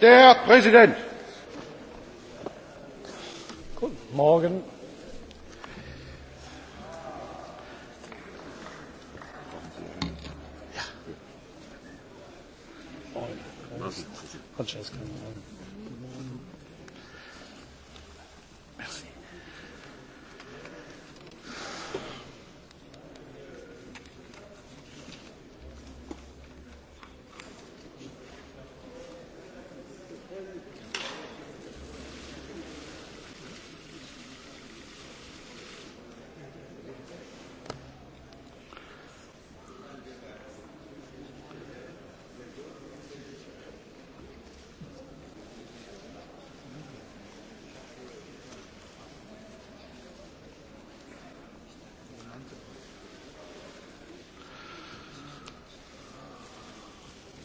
Der Präsident. Guten Morgen. Ja. Francesca.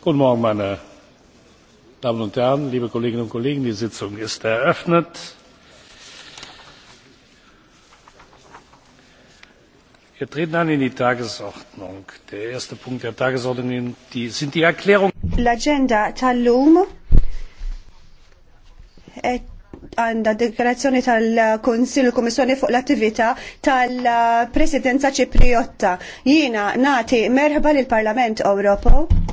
Guten Morgen, meine Damen und Herren, liebe Kolleginnen und Kollegen. Die Sitzung ist eröffnet. Wir treten an in die Tagesordnung. Der erste Punkt der Tagesordnung die, sind die Erklärungen. L'agenda tal-lum għanda deklarazzjoni tal-Konsil u Komissjoni fuq l-attività tal-Presidenza Ċipriotta. Jiena nati merħba lill parlament Ewropew.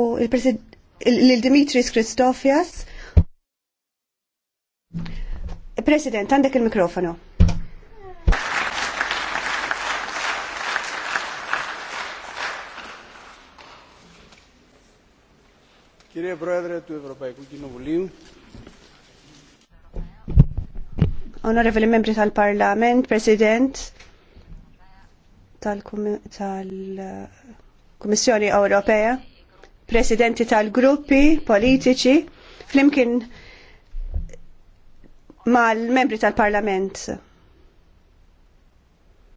u l dimitris Kristofias. President, għandek il-mikrofonu. Κύριε Πρόεδρε του Ευρωπαϊκού Κοινοβουλίου. Onorevoli membri tal Parliament, President tal-Kummissjoni tal Ewropea presidenti tal-gruppi politiċi flimkien mal-membri tal-parlament.